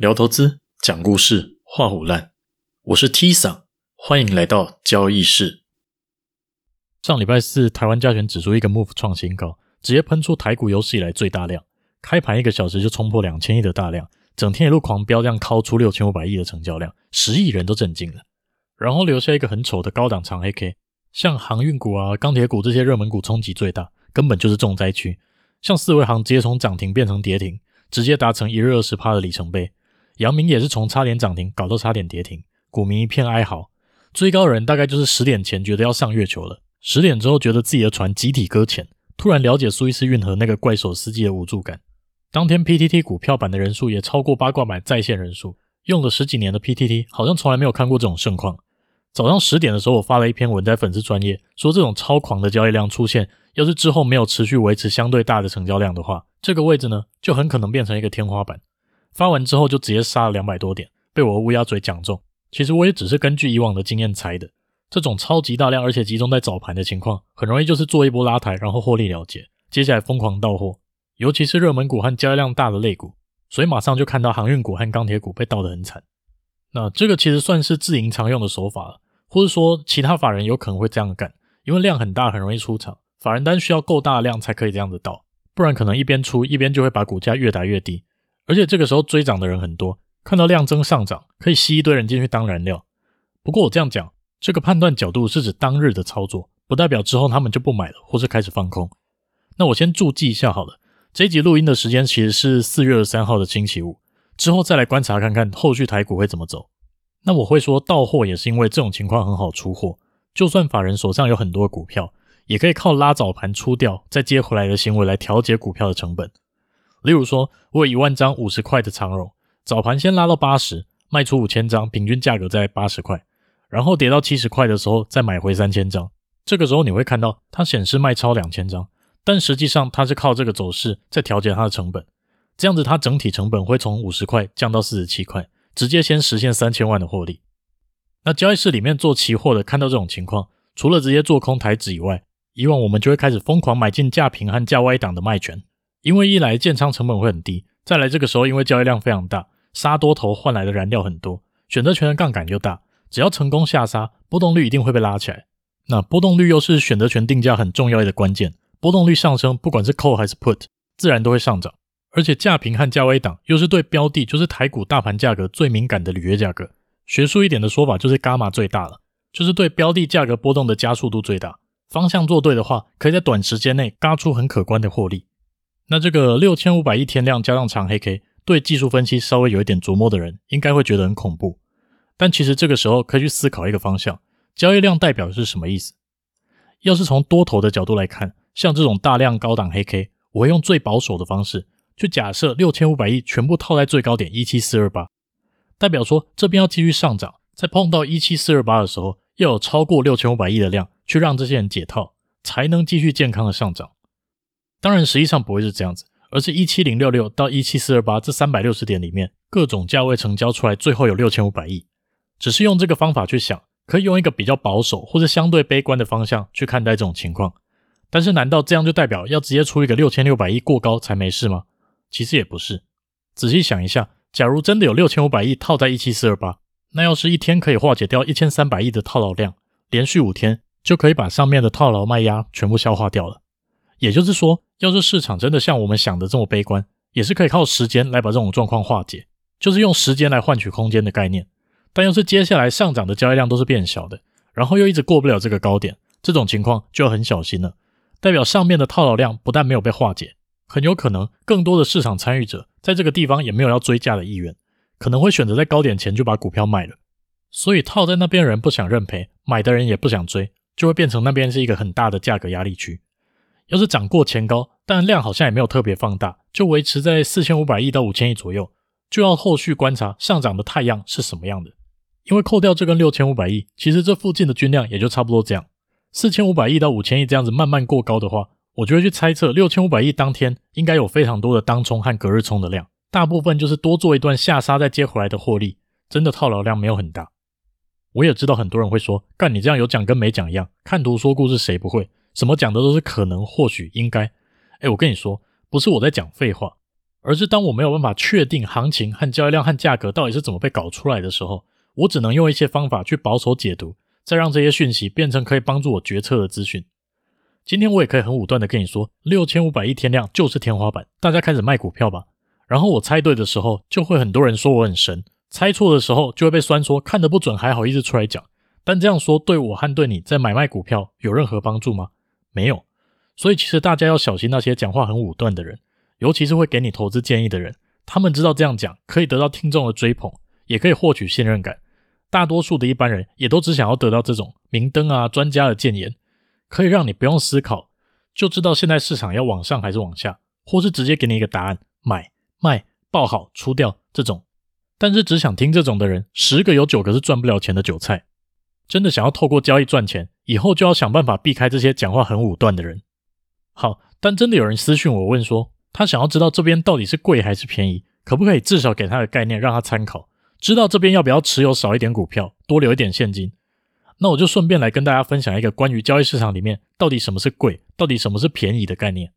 聊投資，講故事，話虎爛。我是 Tsun，歡迎來到交易室。上禮拜四，台灣加權指數一個 move 創新高，直接噴出台股有史以來最大量，開盤一個小時就衝破兩千億的大量，整天一路狂飆，量超出六千五百億的成交量，十億人都震驚了。然後留下一個很醜的高檔長黑 K，像航運股啊、鋼鐵股這些熱門股衝擊最大，根本就是重災區。像四維航直接從漲停變成跌停，直接達成一日二十趴的里程碑。陽明也是從差點漲停搞到差點跌停，股民一片哀嚎。追高人大概就是十點前覺得要上月球了，十點之後覺得自己的船集體擱淺，突然了解蘇伊士運河那個怪手司機的無助感。當天 PTT 股票版的人數也超過八卦版在線人數，用了十幾年的 PTT 好像從來沒有看過這種盛況。早上十點的時候，我發了一篇文在粉絲專頁，說這種超狂的交易量出現，要是之後沒有持續維持相對大的成交量的話，這個位置呢就很可能變成一個天花板。發完之後就直接殺了兩百多點，被我烏鴉嘴講中。其實我也只是根據以往的經驗猜的。這種超級大量而且集中在早盤的情況，很容易就是做一波拉抬，然後獲利了結，接下來瘋狂倒貨，尤其是熱門股和交易量大的類股。所以馬上就看到航運股和鋼鐵股被倒得很慘。那這個其實算是自營常用的手法了，或者說其他法人有可能會這樣幹，因為量很大，很容易出場。法人單需要夠大的量才可以這樣子倒，不然可能一邊出一邊就會把股價越打越低。而且這個時候追漲的人很多，看到量增上漲，可以吸一堆人進去當燃料。不過我這樣講，這個判斷角度是指當日的操作，不代表之後他們就不買了，或是開始放空。那我先註記一下好了，這一集錄音的時間其實是四月二十三號的星期五，之後再來觀察看看後續台股會怎麼走。那我會說到貨，也是因為這種情況很好出貨，就算法人手上有很多股票，也可以靠拉早盤出掉，再接回來的行為來調節股票的成本。例如說，我有一萬張五十塊的藏肉，早盤先拉到八十，賣出五千張，平均價格在八十塊，然後跌到七十塊的時候再買回三千張。這個時候你會看到它顯示賣超兩千張，但實際上它是靠這個走勢在調節它的成本，這樣子它整體成本會從五十塊降到四十七塊，直接先實現三千萬的獲利。那交易室裡面做期貨的看到這種情況，除了直接做空台指以外，以往我們就會開始瘋狂買進價平和價外檔的賣權。因為一來建倉成本會很低，再來這個時候因為交易量非常大，殺多頭換來的燃料很多，選擇權的槓桿又大，只要成功下殺，波動率一定會被拉起來。那波動率又是選擇權定價很重要的關鍵，波動率上升，不管是 call 還是 put，自然都會上漲。而且價平和價位檔又是對標的，就是台股大盤價格最敏感的履約價格。學術一點的說法就是伽馬最大了，就是對標的價格波動的加速度最大。方向做對的話，可以在短時間內搭出很可觀的獲利。那這個六千五百億天量加上長黑 K，對技術分析稍微有一點琢磨的人，應該會覺得很恐怖。但其實這個時候可以去思考一個方向：交易量代表的是什麼意思？要是從多頭的角度來看，像這種大量高檔黑 K，我會用最保守的方式，去假設六千五百億全部套在最高點一七四二八，代表說這邊要繼續上漲，在碰到一七四二八的時候，要有超過六千五百億的量去讓這些人解套，才能繼續健康的上漲。當然，實際上不會是這樣子，而是一七零六六到一七四二八這三百六十點裡面，各種價位成交出來，最後有六千五百億。只是用這個方法去想，可以用一個比較保守或者相對悲觀的方向去看待這種情況。但是，難道這樣就代表要直接出一個六千六百億過高才沒事嗎？其實也不是。仔細想一下，假如真的有六千五百億套在一七四二八，那要是一天可以化解掉一千三百億的套牢量，連續五天就可以把上面的套牢賣壓全部消化掉了。也就是說，要是市場真的像我們想的這麼悲觀，也是可以靠時間來把這種狀況化解，就是用時間來換取空間的概念。但要是接下來上漲的交易量都是變小的，然後又一直過不了這個高點，這種情況就要很小心了，代表上面的套牢量不但沒有被化解，很有可能更多的市場參與者在這個地方也沒有要追價的意願，可能會選擇在高點前就把股票賣了。所以套在那邊人不想認賠，買的人也不想追，就會變成那邊是一個很大的價格壓力區。要是漲過前高，但量好像也沒有特別放大，就維持在四千五百億到五千億左右，就要後續觀察上漲的太陽是什麼樣的。因為扣掉這根六千五百億，其實這附近的均量也就差不多這樣。四千五百億到五千億這樣子慢慢過高的話，我就會去猜測六千五百億當天應該有非常多的當沖和隔日沖的量，大部分就是多做一段下殺再接回來的獲利，真的套牢量沒有很大。我也知道很多人會說，幹你這樣有講跟沒講一樣，看圖說故事誰不會？什麼講的都是可能、或許、應該。哎、欸，我跟你說，不是我在講廢話，而是當我沒有辦法確定行情和交易量和價格到底是怎麼被搞出來的時候，我只能用一些方法去保守解讀，再讓這些訊息變成可以幫助我決策的資訊。今天我也可以很武斷的跟你說，六千五百億天量就是天花板，大家開始賣股票吧。然後我猜對的時候，就會很多人說我很神；猜錯的時候，就會被酸說看得不準，還好意思出來講。但這樣說對我和對你在買賣股票有任何幫助嗎？沒有，所以其實大家要小心那些講話很武斷的人，尤其是會給你投資建議的人。他們知道這樣講可以得到聽眾的追捧，也可以獲取信任感。大多數的一般人也都只想要得到這種明燈啊、專家的建言，可以讓你不用思考，就知道現在市場要往上還是往下，或是直接給你一個答案：買、賣、報好、出掉這種。但是只想聽這種的人，十個有九個是賺不了錢的韭菜。真的想要透過交易賺錢。以後就要想辦法避開這些講話很武斷的人。好，但真的有人私訊我問說，他想要知道這邊到底是貴還是便宜，可不可以至少給他的概念讓他參考，知道這邊要不要持有少一點股票，多留一點現金。那我就順便來跟大家分享一個關於交易市場裡面到底什麼是貴，到底什麼是便宜的概念。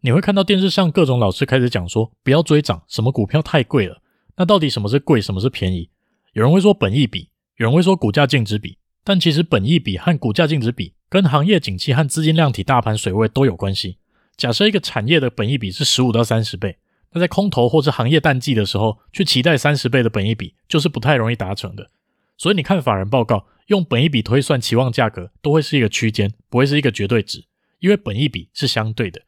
你會看到電視上各種老師開始講說，不要追漲，什麼股票太貴了。那到底什麼是貴，什麼是便宜？有人會說本益比，有人會說股價淨值比。但其實本益比和股價淨值比跟行業景氣和資金量體、大盤水位都有關係。假設一個產業的本益比是十五到三十倍，那在空頭或是行業淡季的時候，去期待三十倍的本益比就是不太容易達成的。所以你看法人報告，用本益比推算期望價格都會是一個區間，不會是一個絕對值，因為本益比是相對的。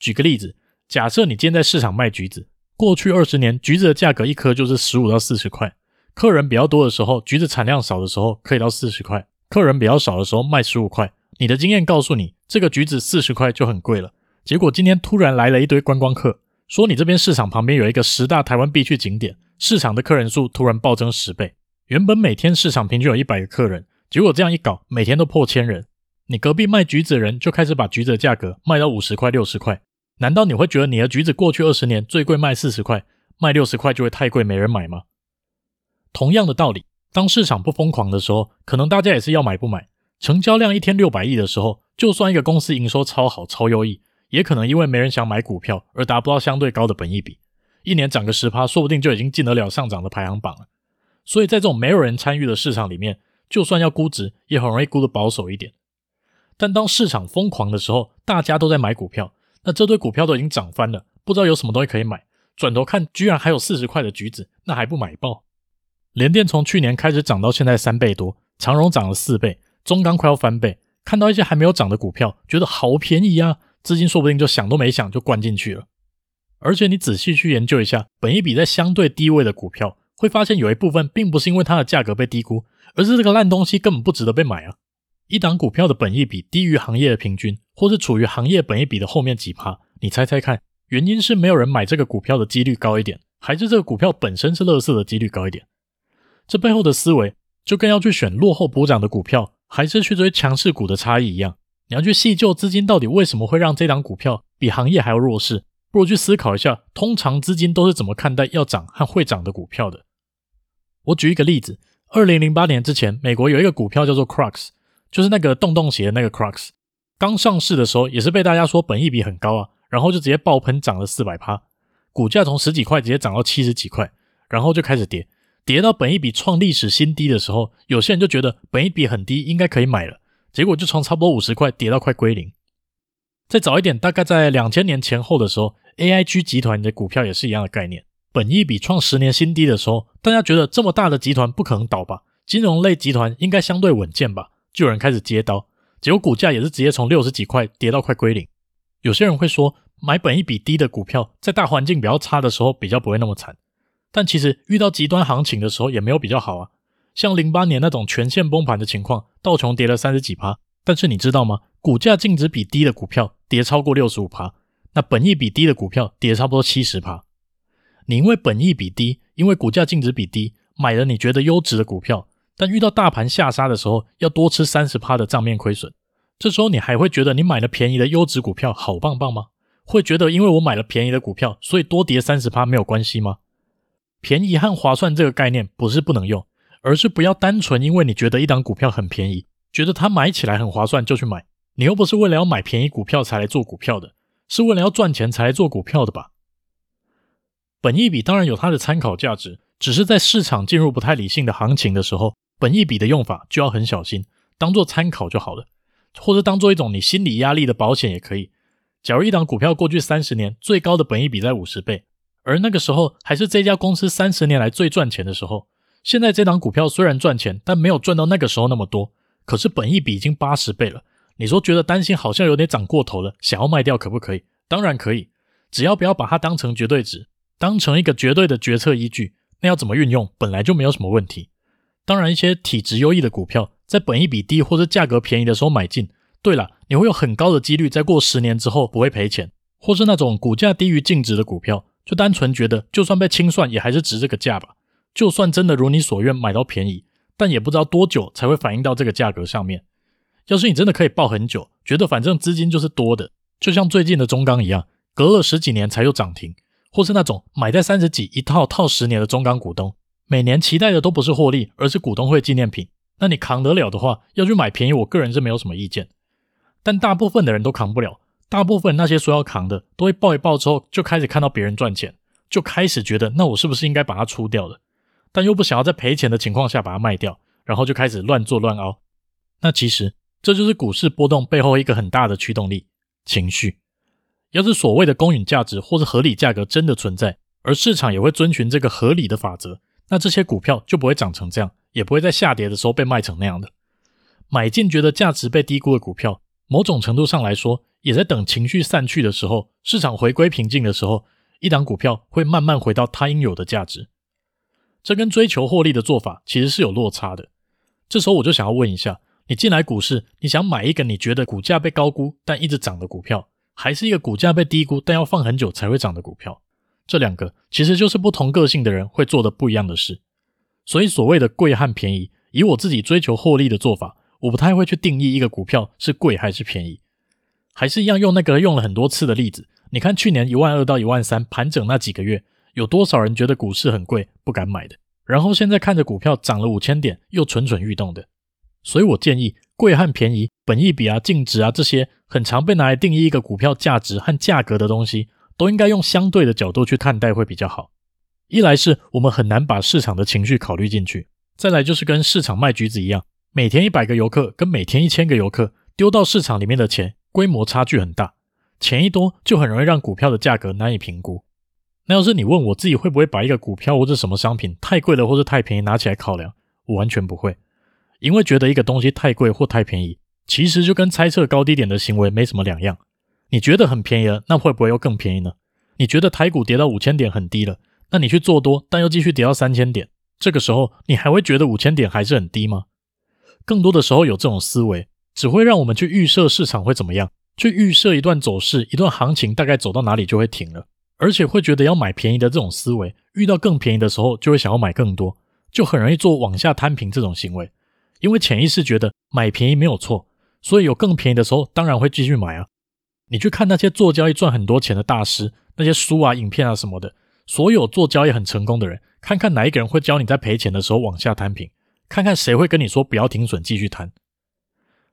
舉個例子，假設你今天在市場賣橘子，過去二十年橘子的價格一顆就是十五到四十塊。客人比較多的時候，橘子產量少的時候，可以到四十塊；客人比較少的時候，賣十五塊。你的經驗告訴你，這個橘子四十塊就很貴了。結果今天突然來了一堆觀光客，說你這邊市場旁邊有一個十大台灣必去景點，市場的客人數突然暴增十倍。原本每天市場平均有一百個客人，結果這樣一搞，每天都破千人。你隔壁賣橘子的人就開始把橘子的價格賣到五十塊、六十塊。難道你會覺得你的橘子過去二十年最貴賣四十塊，賣六十塊就會太貴，沒人買嗎？同樣的道理，當市場不瘋狂的時候，可能大家也是要買不買。成交量一天六百億的時候，就算一個公司營收超好、超優異，也可能因為沒人想買股票而達不到相對高的本益比。一年漲個十趴，說不定就已經進得了上漲的排行榜了。所以在這種沒有人參與的市場裡面，就算要估值，也很容易估得保守一點。但當市場瘋狂的時候，大家都在買股票，那這堆股票都已經漲翻了，不知道有什麼東西可以買。轉頭看，居然還有四十塊的橘子，那還不買爆？聯電從去年開始漲到現在三倍多，長榮漲了四倍，中鋼快要翻倍。看到一些還沒有漲的股票，覺得好便宜啊！資金說不定就想都沒想就灌進去了。而且你仔細去研究一下，本益比在相對低位的股票，會發現有一部分並不是因為它的價格被低估，而是這個爛東西根本不值得被買啊！一檔股票的本益比低於行業的平均，或是處於行業本益比的後面幾趴，你猜猜看，原因是沒有人買這個股票的幾率高一點，還是這個股票本身是樂色的幾率高一點？這背後的思維，就跟要去選落後補漲的股票，還是去追強勢股的差異一樣。你要去細究資金到底為什麼會讓這檔股票比行業還要弱勢，不如去思考一下，通常資金都是怎麼看待要漲和會漲的股票的。我舉一個例子，二零零八年之前，美國有一個股票叫做 Crux，就是那個洞洞鞋的那個 Crux，剛上市的時候也是被大家說本益比很高啊，然後就直接爆噴漲了四百趴，股價從十幾塊直接漲到七十幾塊，然後就開始跌。跌到本益比創歷史新低的時候，有些人就覺得本益比很低，應該可以買了，結果就從差不多五十塊跌到快歸零。再早一點，大概在兩千年前後的時候，AIG 集團的股票也是一樣的概念，本益比創十年新低的時候，大家覺得這麼大的集團不可能倒吧？金融類集團應該相對穩健吧？就有人開始接刀，結果股價也是直接從六十幾塊跌到快歸零。有些人會說，買本益比低的股票，在大環境比較差的時候，比較不會那麼慘。但其實遇到極端行情的時候也沒有比較好啊，像零八年那種全線崩盤的情況，道瓊跌了三十幾趴。但是你知道嗎？股價淨值比低的股票跌超過六十五趴，那本益比低的股票跌差不多七十趴。你因為本益比低，因為股價淨值比低，買了你覺得優質的股票，但遇到大盤下殺的時候，要多吃三十趴的賬面虧損。這時候你還會覺得你買了便宜的優質股票好棒棒嗎？會覺得因為我買了便宜的股票，所以多跌三十趴沒有關係嗎？便宜和划算這個概念不是不能用，而是不要單純因為你覺得一檔股票很便宜，覺得它買起來很划算就去買。你又不是為了要買便宜股票才來做股票的，是為了要賺錢才來做股票的吧？本益比當然有它的參考價值，只是在市場進入不太理性的行情的時候，本益比的用法就要很小心，當做參考就好了，或者當做一種你心理壓力的保險也可以。假如一檔股票過去三十年最高的本益比在五十倍。而那個時候還是這家公司三十年來最賺錢的時候。現在這檔股票雖然賺錢，但沒有賺到那個時候那麼多。可是本益比已經八十倍了，你說覺得擔心好像有點漲過頭了，想要賣掉可不可以？當然可以，只要不要把它當成絕對值，當成一個絕對的決策依據。那要怎麼運用，本來就沒有什麼問題。當然，一些體質優異的股票，在本益比低或者價格便宜的時候買進。對了，你會有很高的幾率在過十年之後不會賠錢，或是那種股價低於淨值的股票。就單純覺得，就算被清算，也還是值這個價吧。就算真的如你所願買到便宜，但也不知道多久才會反映到這個價格上面。要是你真的可以抱很久，覺得反正資金就是多的，就像最近的中鋼一樣，隔了十幾年才又漲停，或是那種買在三十幾一套套十年的中鋼股東，每年期待的都不是獲利，而是股東會紀念品。那你扛得了的話，要去買便宜，我個人是沒有什麼意見。但大部分的人都扛不了。大部分那些說要扛的，都會抱一抱之後就開始看到別人賺錢，就開始覺得那我是不是應該把它出掉了？但又不想要在賠錢的情況下把它賣掉，然後就開始亂做亂凹。那其實這就是股市波動背後一個很大的驅動力——情緒。要是所謂的公允價值或是合理價格真的存在，而市場也會遵循這個合理的法則，那這些股票就不會漲成這樣，也不會在下跌的時候被賣成那樣的。買進覺得價值被低估的股票，某種程度上來說。也在等情緒散去的時候，市場回歸平靜的時候，一檔股票會慢慢回到它應有的價值。這跟追求獲利的做法其實是有落差的。這時候我就想要問一下：你進來股市，你想買一個你覺得股價被高估但一直漲的股票，還是一個股價被低估但要放很久才會漲的股票？這兩個其實就是不同個性的人會做的不一樣的事。所以所謂的貴和便宜，以我自己追求獲利的做法，我不太會去定義一個股票是貴還是便宜。還是一樣用那個用了很多次的例子，你看去年一萬二到一萬三盤整那幾個月，有多少人覺得股市很貴不敢買的？然後現在看着股票漲了五千點，又蠢蠢欲動的。所以我建議，貴和便宜、本益比啊、淨值啊這些很常被拿來定義一個股票價值和價格的東西，都應該用相對的角度去看待會比較好。一來是我們很難把市場的情緒考慮進去，再來就是跟市場賣橘子一樣，每天一百個遊客跟每天一千個遊客丟到市場裡面的錢。規模差距很大，錢一多就很容易讓股票的價格難以評估。那要是你問我自己會不會把一個股票或者什麼商品太貴了或者太便宜拿起來考量，我完全不會，因為覺得一個東西太貴或太便宜，其實就跟猜測高低點的行為沒什麼兩樣。你覺得很便宜了，那會不會又更便宜呢？你覺得台股跌到五千點很低了，那你去做多，但又繼續跌到三千點，這個時候你還會覺得五千點還是很低嗎？更多的時候有這種思維。只會讓我們去預設市場會怎麼樣，去預設一段走勢、一段行情大概走到哪裡就會停了，而且會覺得要買便宜的這種思維，遇到更便宜的時候就會想要買更多，就很容易做往下攤平這種行為，因為潛意識覺得買便宜沒有錯，所以有更便宜的時候當然會繼續買啊。你去看那些做交易賺很多錢的大師，那些書啊、影片啊什麼的，所有做交易很成功的人，看看哪一個人會教你在賠錢的時候往下攤平，看看誰會跟你說不要停損，繼續攤。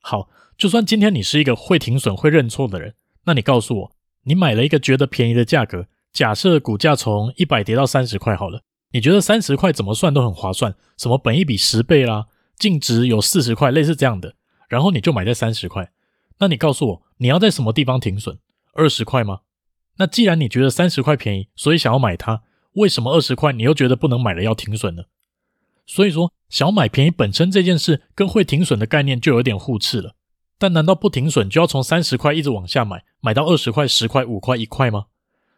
好，就算今天你是一個會停損、會認錯的人，那你告訴我，你買了一個覺得便宜的價格，假設股價從一百跌到三十塊好了，你覺得三十塊怎麼算都很划算，什麼本益比十倍啦、啊，淨值有四十塊，類似這樣的，然後你就買在三十塊，那你告訴我，你要在什麼地方停損？二十塊嗎？那既然你覺得三十塊便宜，所以想要買它，為什麼二十塊你又覺得不能買了要停損呢？所以說，想買便宜本身這件事，跟會停損的概念就有點互斥了。但難道不停損，就要從三十塊一直往下買，買到二十塊、十塊、五塊、一塊嗎？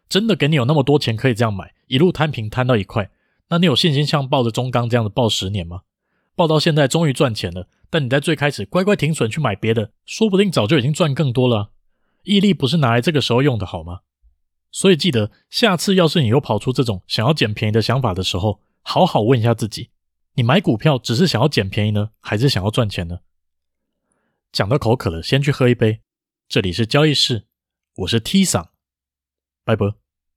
真的給你有那麼多錢可以這樣買，一路攤平攤到一塊，那你有信心像抱着中鋼這樣的抱十年嗎？抱到現在終於賺錢了，但你在最開始乖乖停損去買別的，說不定早就已經賺更多了啊。毅力不是拿來這個時候用的好嗎？所以記得，下次要是你又跑出這種想要撿便宜的想法的時候，好好問一下自己。你買股票只是想要撿便宜呢，還是想要賺錢呢？講到口渴了，先去喝一杯。這裡是交易事，我是 T 桑，拜拜。Bye.